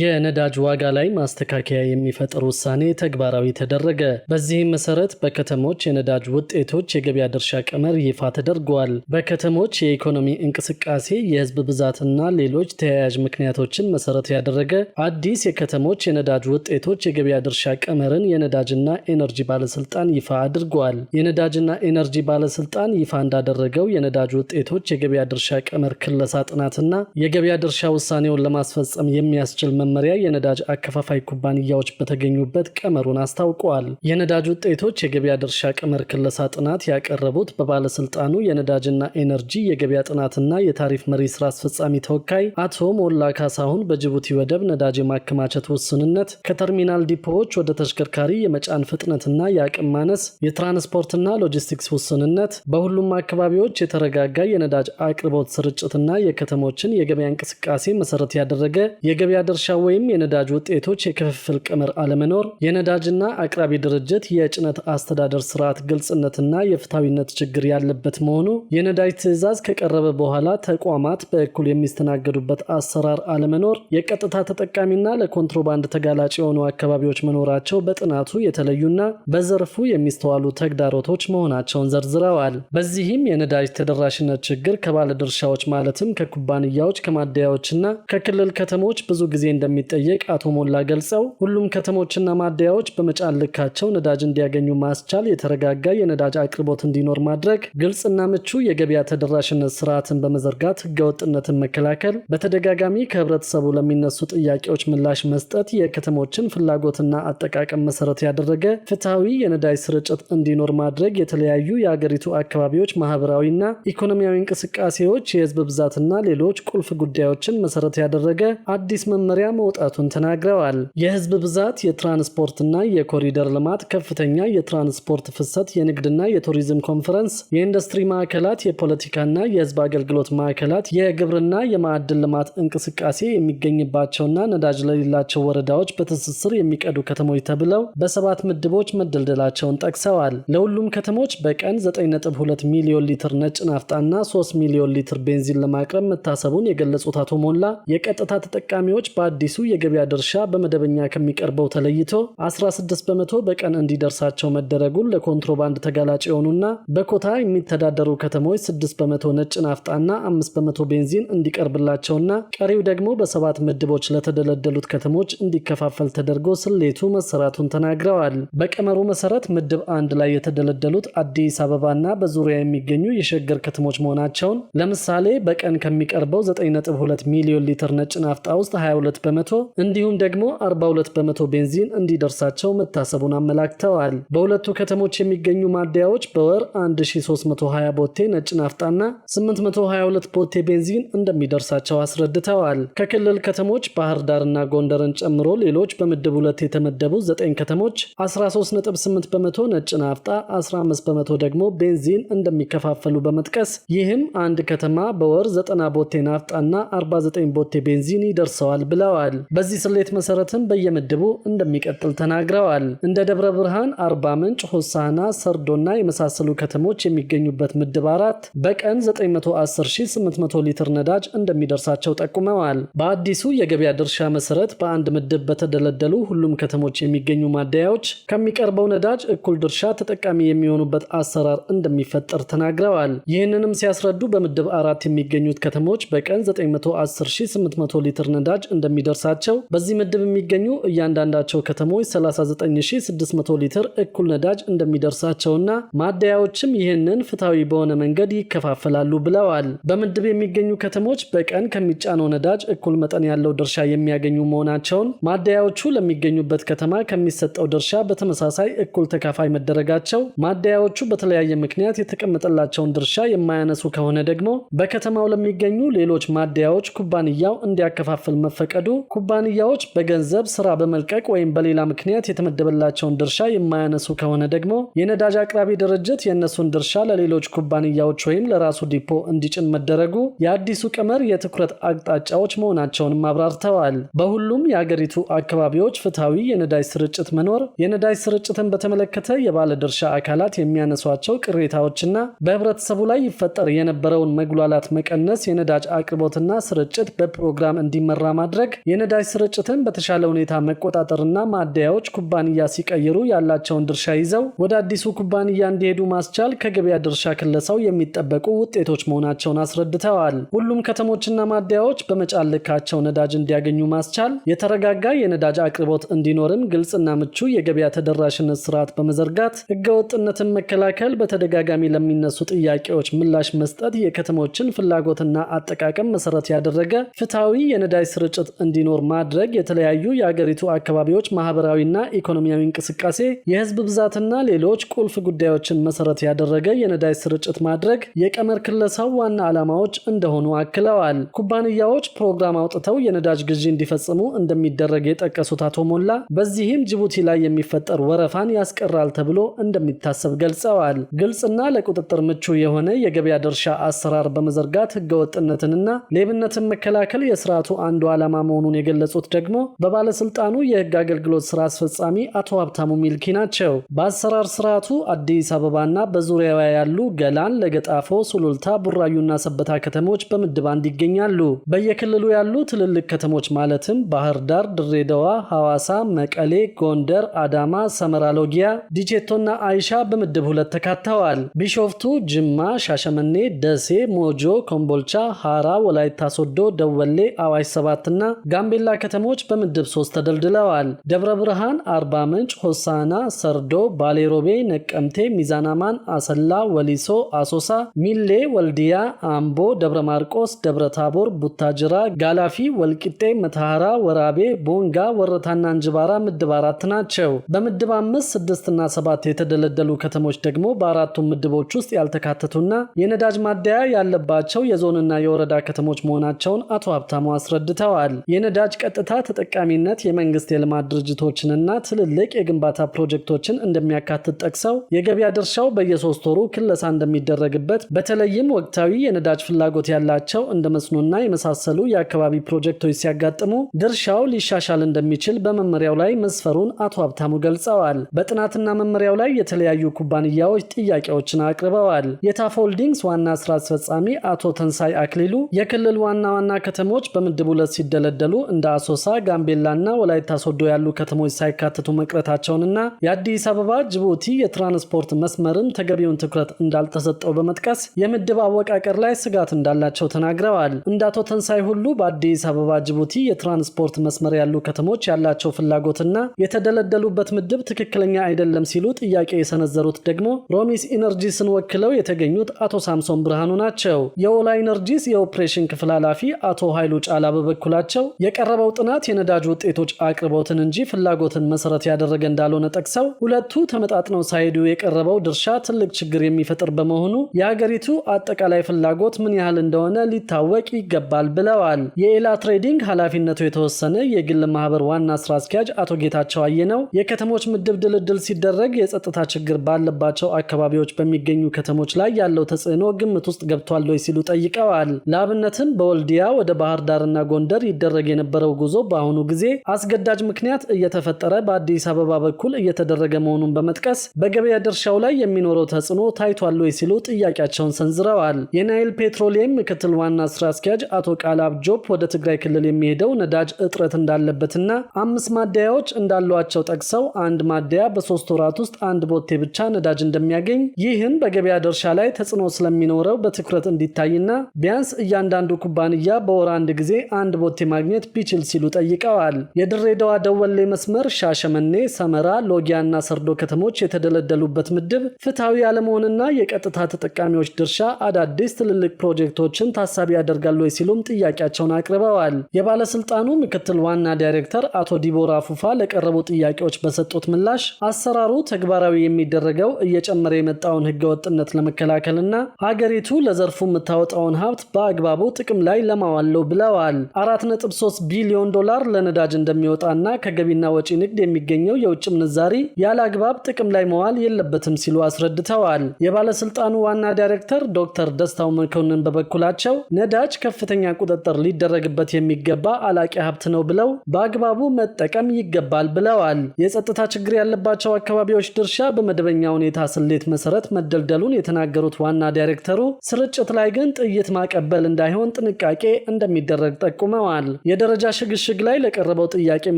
የነዳጅ ዋጋ ላይ ማስተካከያ የሚፈጥር ውሳኔ ተግባራዊ ተደረገ። በዚህም መሰረት በከተሞች የነዳጅ ውጤቶች የገበያ ድርሻ ቀመር ይፋ ተደርጓል። በከተሞች የኢኮኖሚ እንቅስቃሴ፣ የህዝብ ብዛትና ሌሎች ተያያዥ ምክንያቶችን መሰረት ያደረገ አዲስ የከተሞች የነዳጅ ውጤቶች የገበያ ድርሻ ቀመርን የነዳጅና ኤነርጂ ባለስልጣን ይፋ አድርጓል። የነዳጅና ኤነርጂ ባለስልጣን ይፋ እንዳደረገው የነዳጅ ውጤቶች የገበያ ድርሻ ቀመር ክለሳ ጥናትና የገበያ ድርሻ ውሳኔውን ለማስፈጸም የሚያስችል መመሪያ የነዳጅ አከፋፋይ ኩባንያዎች በተገኙበት ቀመሩን አስታውቀዋል። የነዳጅ ውጤቶች የገበያ ድርሻ ቀመር ክለሳ ጥናት ያቀረቡት በባለስልጣኑ የነዳጅና ኤነርጂ የገበያ ጥናትና የታሪፍ መሪ ስራ አስፈጻሚ ተወካይ አቶ ሞላ ካሳሁን በጅቡቲ ወደብ ነዳጅ የማከማቸት ውስንነት ከተርሚናል ዲፖዎች ወደ ተሽከርካሪ የመጫን ፍጥነትና የአቅም ማነስ፣ የትራንስፖርትና ሎጂስቲክስ ውስንነት፣ በሁሉም አካባቢዎች የተረጋጋ የነዳጅ አቅርቦት ስርጭትና የከተሞችን የገበያ እንቅስቃሴ መሰረት ያደረገ የገበያ ድርሻ ወይም የነዳጅ ውጤቶች የክፍፍል ቅምር አለመኖር፣ የነዳጅና አቅራቢ ድርጅት የጭነት አስተዳደር ስርዓት ግልጽነትና የፍታዊነት ችግር ያለበት መሆኑ፣ የነዳጅ ትዕዛዝ ከቀረበ በኋላ ተቋማት በእኩል የሚስተናገዱበት አሰራር አለመኖር፣ የቀጥታ ተጠቃሚና ለኮንትሮባንድ ተጋላጭ የሆኑ አካባቢዎች መኖራቸው በጥናቱ የተለዩና በዘርፉ የሚስተዋሉ ተግዳሮቶች መሆናቸውን ዘርዝረዋል። በዚህም የነዳጅ ተደራሽነት ችግር ከባለድርሻዎች ማለትም ከኩባንያዎች ከማደያዎችና ከክልል ከተሞች ብዙ ጊዜ እንደሚጠየቅ አቶ ሞላ ገልጸው ሁሉም ከተሞችና ማደያዎች በመጫን ልካቸው ነዳጅ እንዲያገኙ ማስቻል፣ የተረጋጋ የነዳጅ አቅርቦት እንዲኖር ማድረግ፣ ግልጽና ምቹ የገበያ ተደራሽነት ስርዓትን በመዘርጋት ህገወጥነትን መከላከል፣ በተደጋጋሚ ከህብረተሰቡ ለሚነሱ ጥያቄዎች ምላሽ መስጠት፣ የከተሞችን ፍላጎትና አጠቃቀም መሰረት ያደረገ ፍትሐዊ የነዳጅ ስርጭት እንዲኖር ማድረግ፣ የተለያዩ የአገሪቱ አካባቢዎች ማህበራዊና ኢኮኖሚያዊ እንቅስቃሴዎች፣ የህዝብ ብዛትና ሌሎች ቁልፍ ጉዳዮችን መሰረት ያደረገ አዲስ መመሪያ መውጣቱን ተናግረዋል። የህዝብ ብዛት፣ የትራንስፖርትና የኮሪደር ልማት፣ ከፍተኛ የትራንስፖርት ፍሰት፣ የንግድና የቱሪዝም ኮንፈረንስ፣ የኢንዱስትሪ ማዕከላት፣ የፖለቲካና የህዝብ አገልግሎት ማዕከላት፣ የግብርና የማዕድን ልማት እንቅስቃሴ የሚገኝባቸውና ነዳጅ ለሌላቸው ወረዳዎች በትስስር የሚቀዱ ከተሞች ተብለው በሰባት ምድቦች መደልደላቸውን ጠቅሰዋል። ለሁሉም ከተሞች በቀን 9.2 ሚሊዮን ሊትር ነጭ ናፍጣና 3 ሚሊዮን ሊትር ቤንዚን ለማቅረብ መታሰቡን የገለጹት አቶ ሞላ የቀጥታ ተጠቃሚዎች በአዲስ አዲሱ የገበያ ድርሻ በመደበኛ ከሚቀርበው ተለይቶ 16 በመቶ በቀን እንዲደርሳቸው መደረጉን ለኮንትሮባንድ ተጋላጭ የሆኑና በኮታ የሚተዳደሩ ከተሞች 6 በመቶ ነጭ ናፍጣና 5 በመቶ ቤንዚን እንዲቀርብላቸውና ቀሪው ደግሞ በሰባት ምድቦች ለተደለደሉት ከተሞች እንዲከፋፈል ተደርጎ ስሌቱ መሰራቱን ተናግረዋል። በቀመሩ መሰረት ምድብ አንድ ላይ የተደለደሉት አዲስ አበባና በዙሪያ የሚገኙ የሸገር ከተሞች መሆናቸውን ለምሳሌ በቀን ከሚቀርበው 9.2 ሚሊዮን ሊትር ነጭ ናፍጣ ውስጥ 22 በመቶ እንዲሁም ደግሞ 42 በመቶ ቤንዚን እንዲደርሳቸው መታሰቡን አመላክተዋል። በሁለቱ ከተሞች የሚገኙ ማደያዎች በወር 1320 ቦቴ ነጭ ናፍጣና 822 ቦቴ ቤንዚን እንደሚደርሳቸው አስረድተዋል። ከክልል ከተሞች ባህር ዳርና ጎንደርን ጨምሮ ሌሎች በምድብ ሁለት የተመደቡ ዘጠኝ ከተሞች 138 በመቶ ነጭ ናፍጣ፣ 15 በመቶ ደግሞ ቤንዚን እንደሚከፋፈሉ በመጥቀስ ይህም አንድ ከተማ በወር 90 ቦቴ ናፍጣና 49 ቦቴ ቤንዚን ይደርሰዋል ብለዋል። ገልጸዋል። በዚህ ስሌት መሰረትም በየምድቡ እንደሚቀጥል ተናግረዋል። እንደ ደብረ ብርሃን፣ አርባ ምንጭ፣ ሆሳና፣ ሰርዶና የመሳሰሉ ከተሞች የሚገኙበት ምድብ አራት በቀን 910800 ሊትር ነዳጅ እንደሚደርሳቸው ጠቁመዋል። በአዲሱ የገበያ ድርሻ መሰረት በአንድ ምድብ በተደለደሉ ሁሉም ከተሞች የሚገኙ ማደያዎች ከሚቀርበው ነዳጅ እኩል ድርሻ ተጠቃሚ የሚሆኑበት አሰራር እንደሚፈጠር ተናግረዋል። ይህንንም ሲያስረዱ በምድብ አራት የሚገኙት ከተሞች በቀን 910800 ሊትር ነዳጅ እንደሚደ እንዲደርሳቸው በዚህ ምድብ የሚገኙ እያንዳንዳቸው ከተሞች 39600 ሊትር እኩል ነዳጅ እንደሚደርሳቸውና ማደያዎችም ይህንን ፍትሐዊ በሆነ መንገድ ይከፋፈላሉ ብለዋል። በምድብ የሚገኙ ከተሞች በቀን ከሚጫነው ነዳጅ እኩል መጠን ያለው ድርሻ የሚያገኙ መሆናቸውን፣ ማደያዎቹ ለሚገኙበት ከተማ ከሚሰጠው ድርሻ በተመሳሳይ እኩል ተካፋይ መደረጋቸው፣ ማደያዎቹ በተለያየ ምክንያት የተቀመጠላቸውን ድርሻ የማያነሱ ከሆነ ደግሞ በከተማው ለሚገኙ ሌሎች ማደያዎች ኩባንያው እንዲያከፋፍል መፈቀዱ ኩባንያዎች በገንዘብ ስራ በመልቀቅ ወይም በሌላ ምክንያት የተመደበላቸውን ድርሻ የማያነሱ ከሆነ ደግሞ የነዳጅ አቅራቢ ድርጅት የእነሱን ድርሻ ለሌሎች ኩባንያዎች ወይም ለራሱ ዲፖ እንዲጭን መደረጉ የአዲሱ ቀመር የትኩረት አቅጣጫዎች መሆናቸውንም አብራርተዋል። በሁሉም የአገሪቱ አካባቢዎች ፍትሐዊ የነዳጅ ስርጭት መኖር፣ የነዳጅ ስርጭትን በተመለከተ የባለ ድርሻ አካላት የሚያነሷቸው ቅሬታዎችና በህብረተሰቡ ላይ ይፈጠር የነበረውን መጉላላት መቀነስ፣ የነዳጅ አቅርቦትና ስርጭት በፕሮግራም እንዲመራ ማድረግ፣ የነዳጅ ስርጭትን በተሻለ ሁኔታ መቆጣጠርና ማደያዎች ኩባንያ ሲቀይሩ ያላቸውን ድርሻ ይዘው ወደ አዲሱ ኩባንያ እንዲሄዱ ማስቻል ከገበያ ድርሻ ክለሳው የሚጠበቁ ውጤቶች መሆናቸውን አስረድተዋል። ሁሉም ከተሞችና ማደያዎች በመጫን ልካቸው ነዳጅ እንዲያገኙ ማስቻል፣ የተረጋጋ የነዳጅ አቅርቦት እንዲኖርም ግልጽና ምቹ የገበያ ተደራሽነት ስርዓት በመዘርጋት ህገወጥነትን መከላከል፣ በተደጋጋሚ ለሚነሱ ጥያቄዎች ምላሽ መስጠት፣ የከተሞችን ፍላጎትና አጠቃቀም መሰረት ያደረገ ፍትሐዊ የነዳጅ ስርጭት እንዲኖር ማድረግ የተለያዩ የአገሪቱ አካባቢዎች ማህበራዊና ኢኮኖሚያዊ እንቅስቃሴ፣ የህዝብ ብዛትና ሌሎች ቁልፍ ጉዳዮችን መሰረት ያደረገ የነዳጅ ስርጭት ማድረግ የቀመር ክለሳው ዋና ዓላማዎች እንደሆኑ አክለዋል። ኩባንያዎች ፕሮግራም አውጥተው የነዳጅ ግዢ እንዲፈጽሙ እንደሚደረግ የጠቀሱት አቶ ሞላ በዚህም ጅቡቲ ላይ የሚፈጠር ወረፋን ያስቀራል ተብሎ እንደሚታሰብ ገልጸዋል። ግልጽና ለቁጥጥር ምቹ የሆነ የገበያ ድርሻ አሰራር በመዘርጋት ህገወጥነትንና ሌብነትን መከላከል የስርዓቱ አንዱ ዓላማ መሆኑ መሆኑን የገለጹት ደግሞ በባለስልጣኑ የህግ አገልግሎት ስራ አስፈጻሚ አቶ ሀብታሙ ሚልኪ ናቸው። በአሰራር ስርዓቱ አዲስ አበባና በዙሪያዋ ያሉ ገላን፣ ለገጣፎ፣ ሱሉልታ፣ ቡራዩና ሰበታ ከተሞች በምድብ አንድ ይገኛሉ። በየክልሉ ያሉ ትልልቅ ከተሞች ማለትም ባህር ዳር፣ ድሬዳዋ፣ ሐዋሳ፣ መቀሌ፣ ጎንደር፣ አዳማ፣ ሰመራ፣ ሎጊያ፣ ዲቼቶና አይሻ በምድብ ሁለት ተካተዋል። ቢሾፍቱ፣ ጅማ፣ ሻሸመኔ፣ ደሴ፣ ሞጆ፣ ኮምቦልቻ፣ ሐራ፣ ወላይታ ሶዶ፣ ደወሌ፣ አዋሽ ሰባትና ጋምቤላ ከተሞች በምድብ ሶስት ተደልድለዋል። ደብረ ብርሃን፣ አርባ ምንጭ፣ ሆሳና፣ ሰርዶ፣ ባሌሮቤ፣ ነቀምቴ፣ ሚዛናማን፣ አሰላ፣ ወሊሶ፣ አሶሳ፣ ሚሌ፣ ወልዲያ፣ አምቦ፣ ደብረ ማርቆስ፣ ደብረ ታቦር፣ ቡታጅራ፣ ጋላፊ፣ ወልቂጤ፣ መታራ፣ ወራቤ፣ ቦንጋ፣ ወረታና እንጅባራ ምድብ አራት ናቸው። በምድብ አምስት፣ ስድስትና ሰባት የተደለደሉ ከተሞች ደግሞ በአራቱም ምድቦች ውስጥ ያልተካተቱና የነዳጅ ማደያ ያለባቸው የዞንና የወረዳ ከተሞች መሆናቸውን አቶ ሀብታሙ አስረድተዋል። የነዳጅ ቀጥታ ተጠቃሚነት የመንግስት የልማት ድርጅቶችንና ትልልቅ የግንባታ ፕሮጀክቶችን እንደሚያካትት ጠቅሰው የገበያ ድርሻው በየሶስት ወሩ ክለሳ እንደሚደረግበት በተለይም ወቅታዊ የነዳጅ ፍላጎት ያላቸው እንደ መስኖና የመሳሰሉ የአካባቢ ፕሮጀክቶች ሲያጋጥሙ ድርሻው ሊሻሻል እንደሚችል በመመሪያው ላይ መስፈሩን አቶ ሀብታሙ ገልጸዋል። በጥናትና መመሪያው ላይ የተለያዩ ኩባንያዎች ጥያቄዎችን አቅርበዋል። የታፍ ሆልዲንግስ ዋና ስራ አስፈጻሚ አቶ ተንሳይ አክሊሉ የክልል ዋና ዋና ከተሞች በምድብ ሁለት ሲደለደ በመገለሉ እንደ አሶሳ፣ ጋምቤላና ወላይታ ሶዶ ያሉ ከተሞች ሳይካተቱ መቅረታቸውንና የአዲስ አበባ ጅቡቲ የትራንስፖርት መስመርም ተገቢውን ትኩረት እንዳልተሰጠው በመጥቀስ የምድብ አወቃቀር ላይ ስጋት እንዳላቸው ተናግረዋል። እንደ አቶ ተንሳይ ሁሉ በአዲስ አበባ ጅቡቲ የትራንስፖርት መስመር ያሉ ከተሞች ያላቸው ፍላጎትና የተደለደሉበት ምድብ ትክክለኛ አይደለም ሲሉ ጥያቄ የሰነዘሩት ደግሞ ሮሚስ ኢነርጂስን ወክለው የተገኙት አቶ ሳምሶን ብርሃኑ ናቸው። የኦላ ኢነርጂስ የኦፕሬሽን ክፍል ኃላፊ አቶ ኃይሉ ጫላ በበኩላቸው የቀረበው ጥናት የነዳጅ ውጤቶች አቅርቦትን እንጂ ፍላጎትን መሰረት ያደረገ እንዳልሆነ ጠቅሰው ሁለቱ ተመጣጥነው ሳይሄዱ የቀረበው ድርሻ ትልቅ ችግር የሚፈጥር በመሆኑ የሀገሪቱ አጠቃላይ ፍላጎት ምን ያህል እንደሆነ ሊታወቅ ይገባል ብለዋል። የኤላ ትሬዲንግ ኃላፊነቱ የተወሰነ የግል ማህበር ዋና ስራ አስኪያጅ አቶ ጌታቸው አየነው የከተሞች ምድብ ድልድል ሲደረግ የጸጥታ ችግር ባለባቸው አካባቢዎች በሚገኙ ከተሞች ላይ ያለው ተጽዕኖ ግምት ውስጥ ገብቷል ወይ ሲሉ ጠይቀዋል። ለአብነትም በወልዲያ ወደ ባህር ዳርና ጎንደር ይደረግ የነበረው ጉዞ በአሁኑ ጊዜ አስገዳጅ ምክንያት እየተፈጠረ በአዲስ አበባ በኩል እየተደረገ መሆኑን በመጥቀስ በገበያ ድርሻው ላይ የሚኖረው ተጽዕኖ ታይቷል ወይ ሲሉ ጥያቄያቸውን ሰንዝረዋል። የናይል ፔትሮሊየም ምክትል ዋና ስራ አስኪያጅ አቶ ቃላብ ጆፕ ወደ ትግራይ ክልል የሚሄደው ነዳጅ እጥረት እንዳለበትና አምስት ማደያዎች እንዳሏቸው ጠቅሰው አንድ ማደያ በሶስት ወራት ውስጥ አንድ ቦቴ ብቻ ነዳጅ እንደሚያገኝ ይህም በገበያ ድርሻ ላይ ተጽዕኖ ስለሚኖረው በትኩረት እንዲታይና ቢያንስ እያንዳንዱ ኩባንያ በወር አንድ ጊዜ አንድ ቦቴ ማግኘት ማግኘት ቢችል ሲሉ ጠይቀዋል። የድሬዳዋ ደወሌ መስመር ሻሸመኔ፣ ሰመራ፣ ሎጊያና ሰርዶ ከተሞች የተደለደሉበት ምድብ ፍትሐዊ አለመሆንና የቀጥታ ተጠቃሚዎች ድርሻ አዳዲስ ትልልቅ ፕሮጀክቶችን ታሳቢ ያደርጋሉ ሲሉም ጥያቄያቸውን አቅርበዋል። የባለስልጣኑ ምክትል ዋና ዳይሬክተር አቶ ዲቦራ ፉፋ ለቀረቡ ጥያቄዎች በሰጡት ምላሽ አሰራሩ ተግባራዊ የሚደረገው እየጨመረ የመጣውን ህገወጥነት ለመከላከልና ሀገሪቱ ለዘርፉ የምታወጣውን ሀብት በአግባቡ ጥቅም ላይ ለማዋለው ብለዋል። አራት ነጥብ 3 ቢሊዮን ዶላር ለነዳጅ እንደሚወጣና ከገቢና ወጪ ንግድ የሚገኘው የውጭ ምንዛሪ ያለ አግባብ ጥቅም ላይ መዋል የለበትም ሲሉ አስረድተዋል። የባለስልጣኑ ዋና ዳይሬክተር ዶክተር ደስታው መኮንን በበኩላቸው ነዳጅ ከፍተኛ ቁጥጥር ሊደረግበት የሚገባ አላቂ ሀብት ነው ብለው በአግባቡ መጠቀም ይገባል ብለዋል። የጸጥታ ችግር ያለባቸው አካባቢዎች ድርሻ በመደበኛ ሁኔታ ስሌት መሰረት መደልደሉን የተናገሩት ዋና ዳይሬክተሩ ስርጭት ላይ ግን ጥይት ማቀበል እንዳይሆን ጥንቃቄ እንደሚደረግ ጠቁመዋል። የደረጃ ሽግሽግ ላይ ለቀረበው ጥያቄ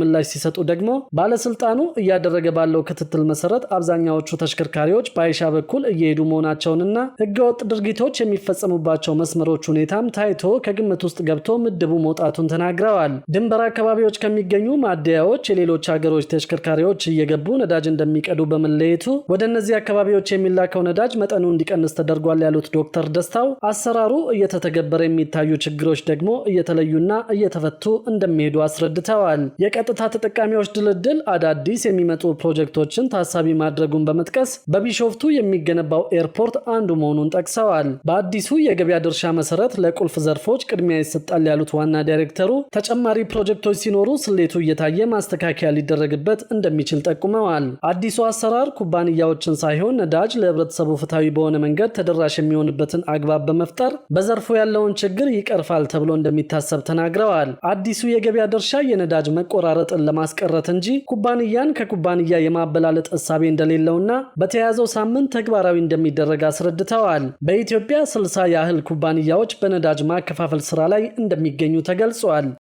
ምላሽ ሲሰጡ ደግሞ ባለስልጣኑ እያደረገ ባለው ክትትል መሰረት አብዛኛዎቹ ተሽከርካሪዎች በአይሻ በኩል እየሄዱ መሆናቸውንና ህገወጥ ድርጊቶች የሚፈጸሙባቸው መስመሮች ሁኔታም ታይቶ ከግምት ውስጥ ገብቶ ምድቡ መውጣቱን ተናግረዋል። ድንበር አካባቢዎች ከሚገኙ ማደያዎች የሌሎች ሀገሮች ተሽከርካሪዎች እየገቡ ነዳጅ እንደሚቀዱ በመለየቱ ወደ እነዚህ አካባቢዎች የሚላከው ነዳጅ መጠኑ እንዲቀንስ ተደርጓል ያሉት ዶክተር ደስታው አሰራሩ እየተተገበረ የሚታዩ ችግሮች ደግሞ እየተለዩና እየተፈ እየበረቱ እንደሚሄዱ አስረድተዋል። የቀጥታ ተጠቃሚዎች ድልድል አዳዲስ የሚመጡ ፕሮጀክቶችን ታሳቢ ማድረጉን በመጥቀስ በቢሾፍቱ የሚገነባው ኤርፖርት አንዱ መሆኑን ጠቅሰዋል። በአዲሱ የገበያ ድርሻ መሰረት ለቁልፍ ዘርፎች ቅድሚያ ይሰጣል ያሉት ዋና ዳይሬክተሩ ተጨማሪ ፕሮጀክቶች ሲኖሩ ስሌቱ እየታየ ማስተካከያ ሊደረግበት እንደሚችል ጠቁመዋል። አዲሱ አሰራር ኩባንያዎችን ሳይሆን ነዳጅ ለህብረተሰቡ ፍትሐዊ በሆነ መንገድ ተደራሽ የሚሆንበትን አግባብ በመፍጠር በዘርፉ ያለውን ችግር ይቀርፋል ተብሎ እንደሚታሰብ ተናግረዋል። አዲሱ የገበያ ድርሻ የነዳጅ መቆራረጥን ለማስቀረት እንጂ ኩባንያን ከኩባንያ የማበላለጥ እሳቤ እንደሌለውና በተያያዘው ሳምንት ተግባራዊ እንደሚደረግ አስረድተዋል። በኢትዮጵያ ስልሳ ያህል ኩባንያዎች በነዳጅ ማከፋፈል ስራ ላይ እንደሚገኙ ተገልጿል።